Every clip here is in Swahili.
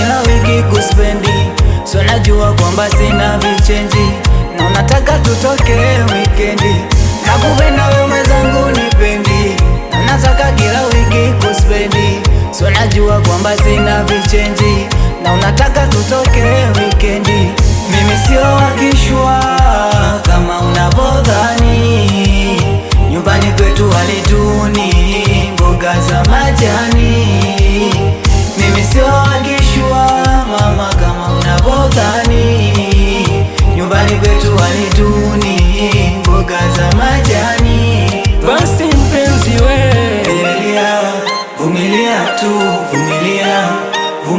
kila wiki kuspendi, so najua kwamba sina vichenji, na unataka tutoke wikendi, na kupenda wewe mwenzangu nipendi, na nataka kila wiki kuspendi, so najua kwamba sina vichenji, na unataka tutoke wikendi, mimi sio wakishwa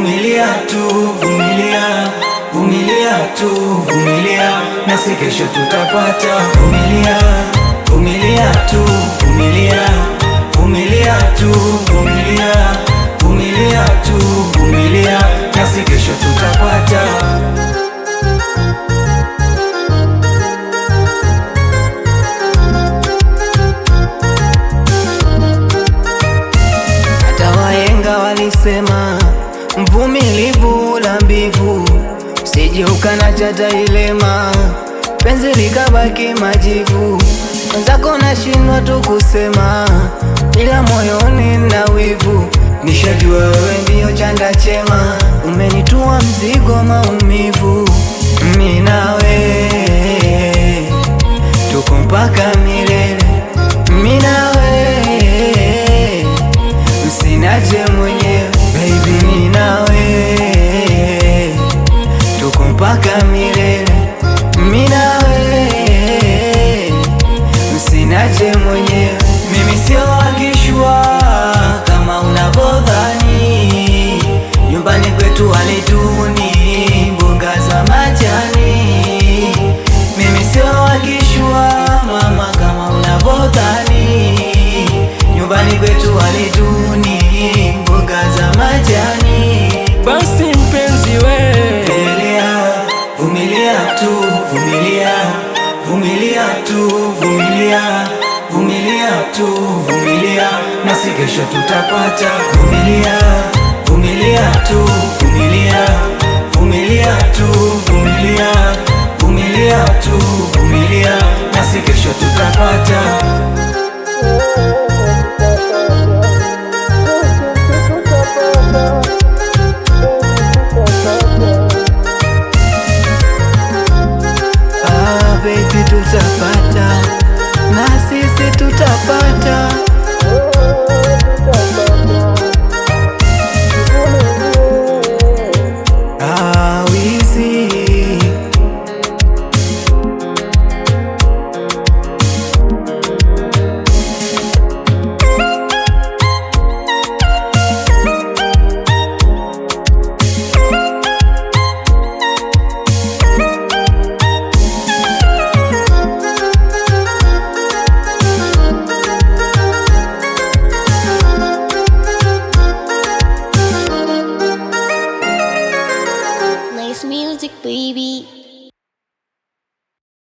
vumilia tu, vumilia, vumilia tu, vumilia, nasi kesho tutapata. Vumilia, vumilia tu, vumilia, vumilia tu, vumilia, vumilia tu, vumilia, nasi kesho tutapata. walisema uvumilivu la mbivu, sijiuka na chata ilema, penzi likabaki majivu, wenzako nashindwa tu kusema, ila moyoni na wivu, nishajua wewe ndiyo chanda chema, umenitua mzigo maumivu, mimi tuko mpaka milele, mimi nawe mwenye acá kesho tutapata. Vumilia, vumilia tu.